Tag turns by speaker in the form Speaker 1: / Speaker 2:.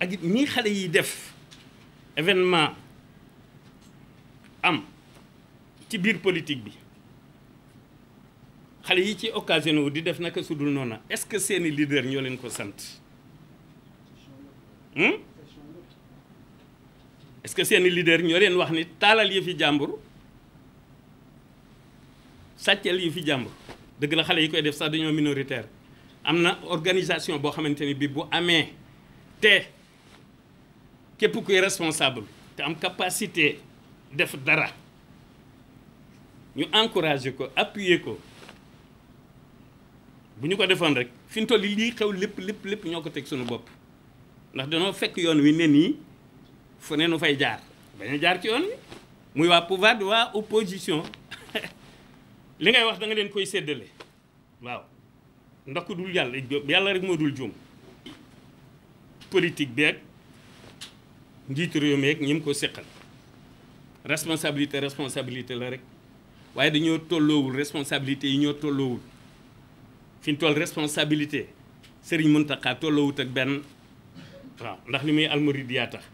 Speaker 1: ak it nii xale yi def événement am ci biir politique bi xale yi ci occasion wu di def naka su dul noonu est-ce que seeni leader ñoo leen ko sant hmm? est-ce que seeni leader ñoo leen wax ni taalal yi fi jàmbur sàccal yi fi jàmbur dëgg la xale yi koy def sax dañoo minoritaire am na organisation boo xamante ni bi bu amee te képp kuy responsable te am capacité def dara ñu encourager ko appuyer ko bu ñu ko defoon rek fi ñu toll lii xew lépp lépp lépp ñoo ko teg suñu bopp ndax danoo fekk yoon wi ne nii fu ne nu fay jaar bañ jaar ci yoon wi muy waa pouvoir di waa opposition li ngay wax danga leen koy séddale waaw ndax ku dul yàlla yàlla rek moo dul juum politique beeg njiitu réew mi ak ñi mu ko seqal responsabilité responsabilité la rek waaye dañoo tolloowul responsabilité yi ñoo tolloowul fi ñu toll responsabilité sëriñ Muntaxa tolloowut ak benn waaw ndax li muy almuridiyaa tax